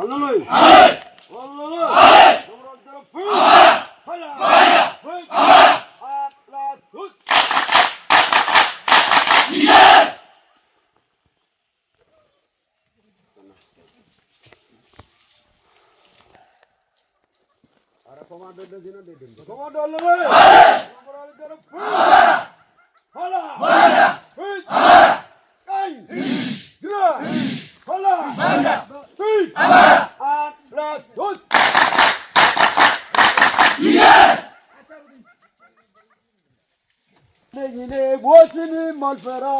Comando, comando, comando, comando, comando, comando, for all.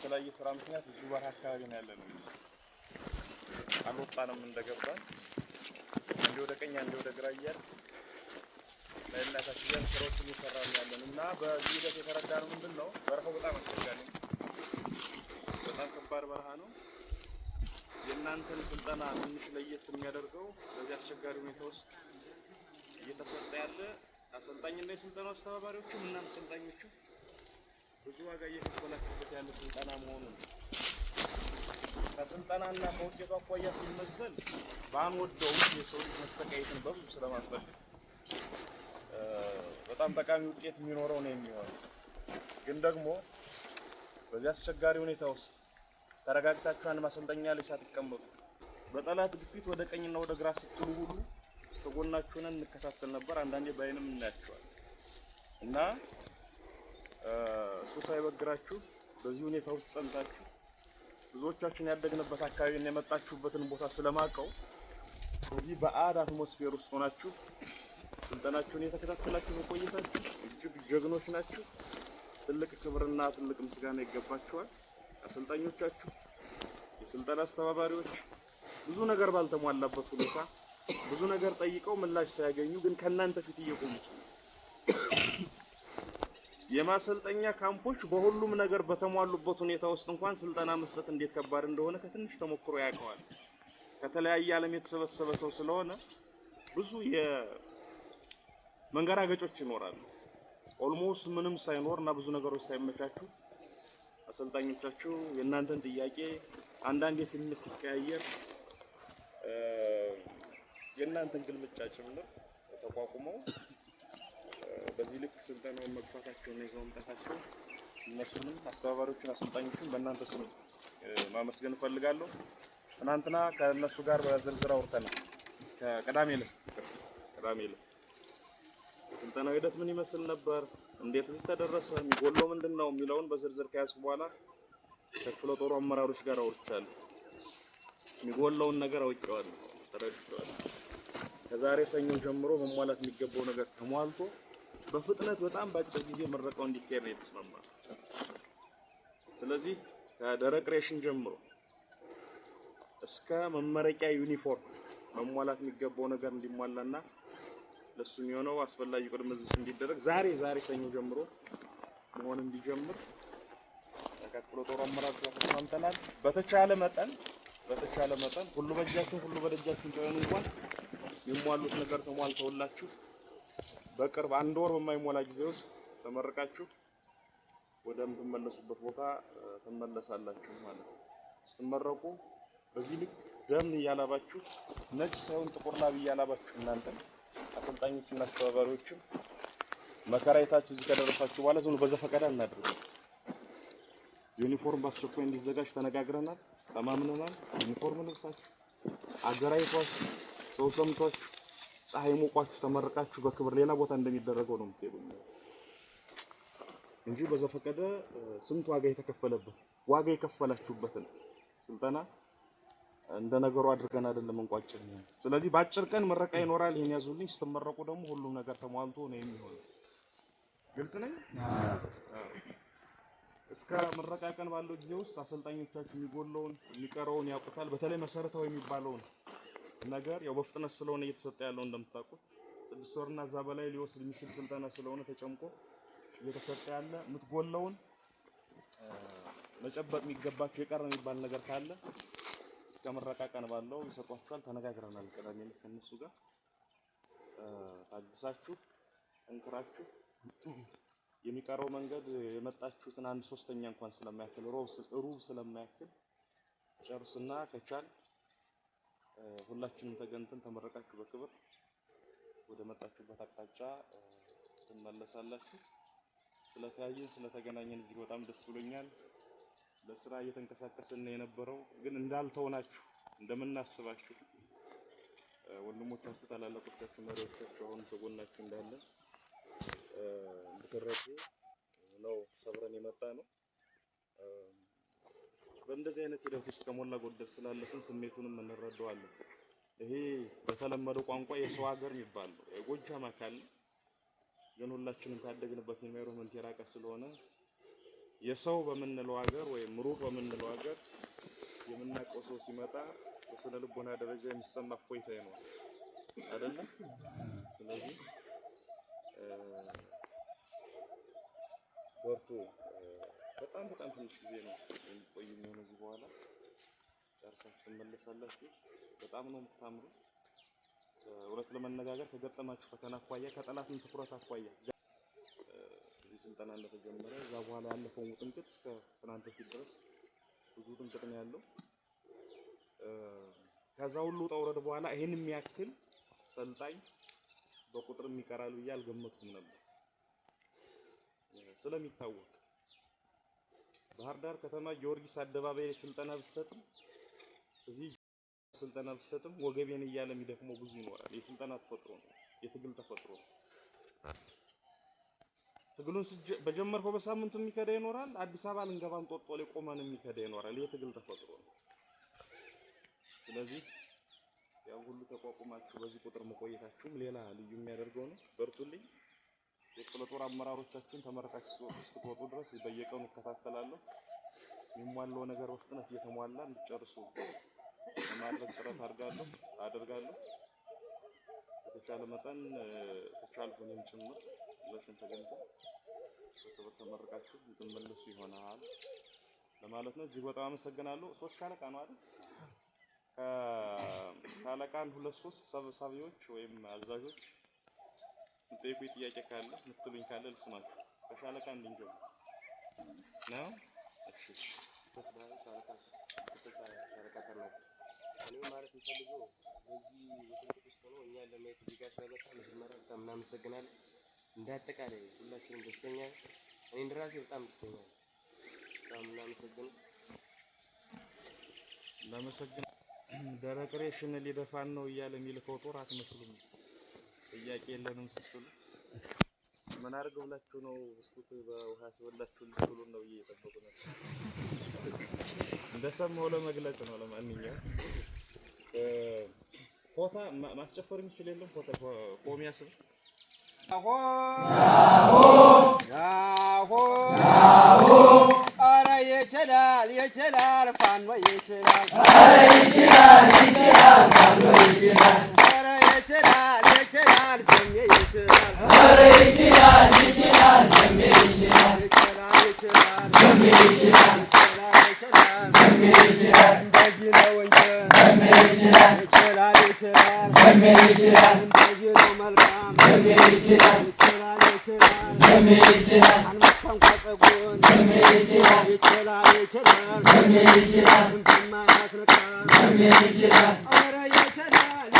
በተለያየ ስራ ምክንያት እዚሁ በረሃ አካባቢ ነው ያለ ነው። አልወጣንም እንደገባን እንዲ ወደ ቀኝ እንዲ ወደ ግራ እያል ለእናታችን ስራዎች እየሰራ ነው ያለን እና በዚህ ሂደት የተረዳ ነው ምንድን ነው በረሃው በጣም አስቸጋሪ በጣም ከባድ በረሃ ነው። የእናንተን ስልጠና ትንሽ ለየት የሚያደርገው በዚህ አስቸጋሪ ሁኔታ ውስጥ እየተሰጠ ያለ አሰልጣኝና የስልጠናው አስተባባሪዎችም እናንተ ሰልጣኞቹ ብዙ ዋጋ እየተከፈላችሁበት ያለ ስልጠና መሆኑን ከስልጠናና ከውጤቱ አኳያ ሲመዘን ባንወደውም የሰው ልጅ መሰቃየትን በብዙ ስለማንፈልግ በጣም ጠቃሚ ውጤት የሚኖረው ነው የሚሆነው። ግን ደግሞ በዚህ አስቸጋሪ ሁኔታ ውስጥ ተረጋግታችሁ አንድ ማሰልጠኛ ላይ ሳትቀመጡ በጠላት ግፊት ወደ ቀኝና ወደ ግራ ስትሉ ሁሉ ከጎናችሁ ነን እንከታተል ነበር። አንዳንዴ በአይንም እናያቸዋል እና እሱ ሳይበግራችሁ በዚህ ሁኔታ ውስጥ ጸንታችሁ ብዙዎቻችን ያደግንበት እና የመጣችሁበትን ቦታ ስለማቀው እዚህ በአድ አትሞስፌር ውስጥ ሆናችሁ ስልጠናችሁን የተከታተላችሁ መቆየታችሁ እጅግ ጀግኖች ናችሁ። ትልቅ ክብርና ትልቅ ምስጋና ይገባችኋል። አሰልጣኞቻችሁ፣ የስልጠና አስተባባሪዎች ብዙ ነገር ባልተሟላበት ሁኔታ ብዙ ነገር ጠይቀው ምላሽ ሳያገኙ ግን ከእናንተ ፊት እየቆሙ የማሰልጠኛ ካምፖች በሁሉም ነገር በተሟሉበት ሁኔታ ውስጥ እንኳን ስልጠና መስጠት እንዴት ከባድ እንደሆነ ከትንሽ ተሞክሮ ያውቀዋል። ከተለያየ ዓለም የተሰበሰበ ሰው ስለሆነ ብዙ የመንገራገጮች ይኖራሉ። ኦልሞስት ምንም ሳይኖር እና ብዙ ነገሮች ሳይመቻችሁ አሰልጣኞቻችሁ የእናንተን ጥያቄ አንዳንዴ ስሜት ሲቀያየር የእናንተን ግልምጫ ጭምር ተቋቁመው በዚህ ልክ ስልጠናውን መግፋታቸውና ይዘው መምጣታቸው እነሱንም አስተባባሪዎቹን አሰልጣኞችን በእናንተ ስም ማመስገን እፈልጋለሁ። ትናንትና ከእነሱ ጋር በዝርዝር አውርተናል። ከቅዳሜ ዕለት ቅዳሜ ዕለት የስልጠናው ሂደት ምን ይመስል ነበር፣ እንዴት እዚህ ተደረሰ፣ የሚጎለው ምንድን ነው የሚለውን በዝርዝር ከያዝኩ በኋላ ከክፍለ ጦሩ አመራሮች ጋር አውርቻለሁ። የሚጎለውን ነገር አውቄዋለሁ፣ ተረድቼዋለሁ። ከዛሬ ሰኞ ጀምሮ መሟላት የሚገባው ነገር ተሟልቶ በፍጥነት በጣም በአጭር ጊዜ ምረቃው እንዲካሄድ ነው የተስማማ። ስለዚህ ከደረቅ ሬሽን ጀምሮ እስከ መመረቂያ ዩኒፎርም መሟላት የሚገባው ነገር እንዲሟላና ለሱ የሚሆነው አስፈላጊ ቅድመ ዝግጅት እንዲደረግ ዛሬ ዛሬ ሰኞ ጀምሮ መሆን እንዲጀምር ተከትሎ ጦር አመራር ተስማምተናል። በተቻለ መጠን በተቻለ መጠን ሁሉ በጃችሁ ሁሉ በደጃችሁ ቢሆን እንኳን የሟሉት ነገር ተሟልተውላችሁ በቅርብ አንድ ወር በማይሞላ ጊዜ ውስጥ ተመርቃችሁ ወደምትመለሱበት ቦታ ትመለሳላችሁ ማለት ነው። ስትመረቁ በዚህ ልክ ደም እያላባችሁ ነጭ ሳይሆን ጥቁር ላብ እያላባችሁ እናንተ አሰልጣኞችና አስተባባሪዎችም መከራየታችሁ እዚህ ከደረሳችሁ በኋላ ዝም በዘፈቀደ እናድርገው። ዩኒፎርም በአስቸኳይ እንዲዘጋጅ ተነጋግረናል፣ ተማምነናል። ዩኒፎርም ልብሳችሁ አገራይቷችሁ ሰው ሰምቷችሁ ፀሐይ ሞቋችሁ ተመርቃችሁ በክብር ሌላ ቦታ እንደሚደረገው ነው የምትሄዱኝ እንጂ በዘፈቀደ ስንት ዋጋ የተከፈለበት ዋጋ የከፈላችሁበትን ስልጠና እንደ ነገሩ አድርገን አይደለም እንቋጭን። ስለዚህ በአጭር ቀን ምረቃ ይኖራል። ይሄን ያዙልኝ። ስትመረቁ ደግሞ ሁሉም ነገር ተሟልቶ ነው የሚሆነው። ግልጽ ነኝ። እስከ ምረቃ ቀን ባለው ጊዜ ውስጥ አሰልጣኞቻችሁ የሚጎለውን የሚቀረውን ያውቁታል። በተለይ መሰረታዊ የሚባለውን ነገር ያው በፍጥነት ስለሆነ እየተሰጠ ያለው እንደምታውቁት ስድስት ወርና እዛ በላይ ሊወስድ የሚችል ስልጠና ስለሆነ ተጨምቆ እየተሰጠ ያለ የምትጎለውን መጨበጥ የሚገባቸው የቀረ የሚባል ነገር ካለ እስከ ምረቃ ቀን ባለው ይሰጧችኋል። ተነጋግረናል። ቅዳሜ ዕለት ከእነሱ ጋር ታግሳችሁ እንክራችሁ የሚቀረው መንገድ የመጣችሁትን አንድ ሶስተኛ እንኳን ስለማያክል ሩብ ስለማያክል ጨርስና ከቻል ሁላችንም ተገንተን ተመረቃችሁ በክብር ወደ መጣችሁበት አቅጣጫ ትመለሳላችሁ። ስለተያየን ስለተገናኘን እጅግ በጣም ደስ ብሎኛል። ለስራ እየተንቀሳቀስን የነበረው ግን እንዳልተውናችሁ እንደምናስባችሁ ወንድሞቻችሁ፣ ታላላቆቻችሁ፣ መሪዎቻችሁ አሁን ከጎናችሁ እንዳለ እንድትረዱ ነው ሰብረን የመጣ ነው። በእንደዚህ አይነት ሂደት ውስጥ ከሞላ ጎደል ስላለፍን ስሜቱንም እንረዳዋለን። ይሄ በተለመደው ቋንቋ የሰው ሀገር የሚባል ነው፣ የጎጃም አካል ግን ሁላችንም ካደግንበት ኢንቫይሮመንት የራቀ ስለሆነ የሰው በምንለው ሀገር ወይም ሩቅ በምንለው ሀገር የምናውቀው ሰው ሲመጣ በስነ ልቦና ደረጃ የሚሰማ እፎይታ ይኖራል አይደለ? ስለዚህ በርቱ። በጣም በጣም ትንሽ ጊዜ ነው የሚቆይ የሚሆነው። እዚህ በኋላ ጨርሳችሁ ትመለሳላችሁ። በጣም ነው የምታምሩ። እውነት ለመነጋገር ከገጠማችሁ ፈተና አኳያ፣ ከጠላትም ትኩረት አኳያ እዚህ ስልጠና እንደተጀመረ እዛ በኋላ ያለፈውን ውጥንቅጥ እስከ ትናንት በፊት ድረስ ብዙ ውጥንቅጥ ነው ያለው። ከዛ ሁሉ ውጣ ውረድ በኋላ ይሄን የሚያክል ሰልጣኝ በቁጥር ይቀራል ብዬ አልገመትኩም ነበር ስለሚታወቅ ባህር ዳር ከተማ ጊዮርጊስ አደባባይ ላይ ስልጠና ብሰጥም እዚህ ስልጠና ብሰጥም ወገቤን እያለ የሚደክመው ብዙ ይኖራል። የስልጠና ተፈጥሮ ነው፣ የትግል ተፈጥሮ ነው። ትግሉን በጀመርከው በሳምንቱ የሚከዳ ይኖራል። አዲስ አበባ ልንገባን ጦጦ ላይ ቆመን የሚከዳ ይኖራል። የትግል ተፈጥሮ ነው። ስለዚህ ያው ሁሉ ተቋቁማችሁ በዚህ ቁጥር መቆየታችሁም ሌላ ልዩ የሚያደርገው ነው። በርቱልኝ። የክፍለ ጦር አመራሮቻችን ተመረቃችሁ እስክትወጡ ድረስ በየቀኑ እከታተላለሁ። የሚሟላው ነገር በፍጥነት እየተሟላ እንዲጨርሱ ለማድረግ ጥረት አድርጋለሁ አደርጋለሁ። በተቻለ መጠን ተቻል ሆነን ጭምር ለሽን ተገኝቶ በክብር ተመረቃችሁ ዝመለሱ ይሆናል ለማለት ነው። እጅግ በጣም አመሰግናለሁ። ሶስት ሻለቃ ነው አይደል? ከሻለቃን ሁለት ሶስት ሰብሳቢዎች ወይም አዛዦች የምትጠይቁኝ ጥያቄ ካለ ምትሉኝ ካለ ልስማችሁ። ከሻለቃ እንድንገባ ነው። እሺ እኔ ማለት የምፈልገው በዚህ ውስጥ ሆኖ እኛ ለማየት እዚህ ጋር ስለመጣ መጀመሪያ በጣም እናመሰግናለን። እንደ አጠቃላይ ሁላችንም ደስተኛ እኔ እንደራሴ በጣም ደስተኛ በጣም እናመሰግን እናመሰግን። ደረቅ ሬሽን ሊደፋን ነው እያለ የሚልከው ጦር አትመስሉም። ጥያቄ የለንም ስትሉ ምን አድርገው ብላችሁ ነው? እስኩት በውሃ ስበላችሁ ልትሉ ነው እየጠበቁ ነው። እንደሰማው ለመግለጽ ነው። ለማንኛውም ሆታ ማስጨፈር የሚችል የለም። ሆታ ሆሚያስ ይችላል ይችላል ይችላል ይችላል içiler, zembir içiler. Arı içiler, içiler, zembir içiler. İçiler, içiler, zembir içiler. İçiler, içiler, zembir içiler. Begin oyuncu, zembir içiler. İçiler, içiler, zembir içiler. Begin omalgam, zembir içiler. İçiler, içiler, zembir içiler. Anmasam kapagun, zembir içiler. İçiler, içiler, zembir içiler. Zembir içiler, zembir içiler. Arı içiler,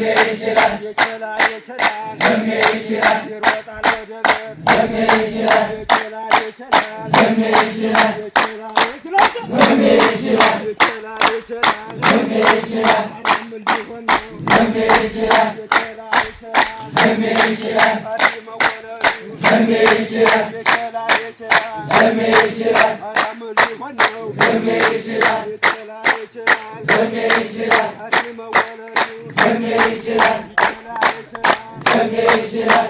ዘሜ ይችላል ዘሜ ይችላል ዘሜ ይችላል ዘሜ ይችላል ዘሜ ይችላል ዘሜ ይችላል ዘሜ ይችላል ዘሜ ይችላል ዘሜ ይችላል ዘሜ ይችላል ዘሜ ይችላል ዘሜ ይችላል ዘሜ ይችላል፣ ዘሜ ይችላል፣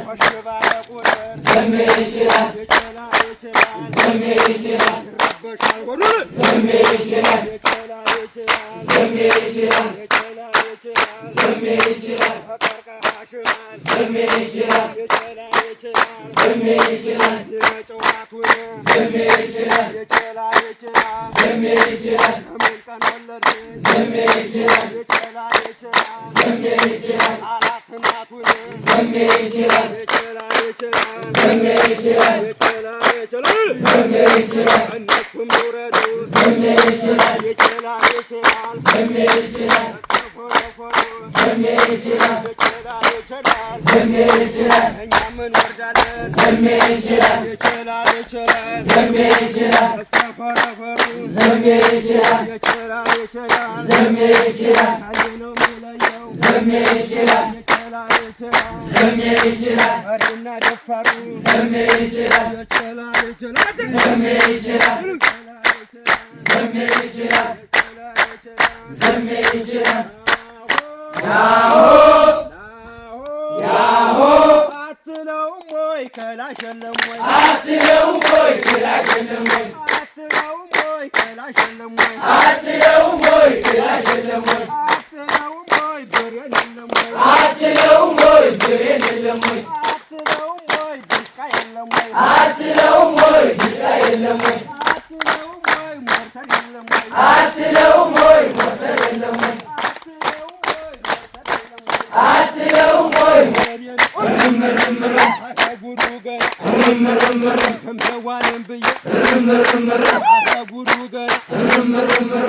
ዘሜ ይችላል፣ ዘሜ ይችላል ዝም ይችላል ዝም ይችላል ዝም ይችላል እኛም እንወርዳለን ዝም ይችላል ይችላል ይችላል ዝም ይችላል እስከ ፈረፈሩ ዝም ይችላል ይችላል ይችላል ዝም ይችላል አየነው የሚለየው ዝም ይችላል ይችላል ይችላል ዝም ይችላል መሪና ደፋሩ ዝም ይችላል ይችላል ይችላል ዝም ይችላል ዝም ይችላል፣ ዝም ይችላል። ያሆ ያሆ አትለውም ወይ ከላሽ የለም ወይ አትለውም ወይ ከላሽ የለም ወይ አትለውም ወይ ከላሽ የለም ወይ ከላሽ የለም ወይ አትለውም ወይ ብሬን የለም ወይ አትለውም ወይ ብሬን የለም ወይ አትለውም ወይ ድስቃ የለም ወይ አትለው ሞይ ሞተር የለም ወይ አትለው ሞይ ምርምርምር ጉዱ ገር ምርምርምር ሰምተዋልን ብዬ ምርምርምር ጉዱ ገር ምርምርምር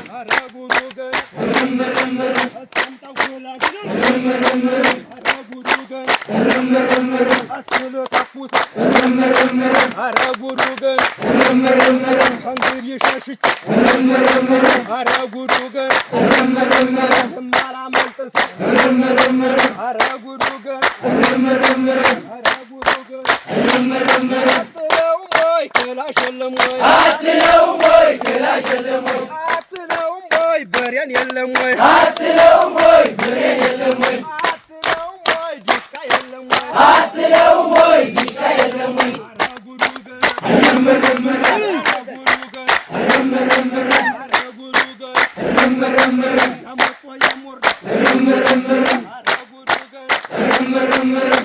Şaşıç. Kara guru Amen.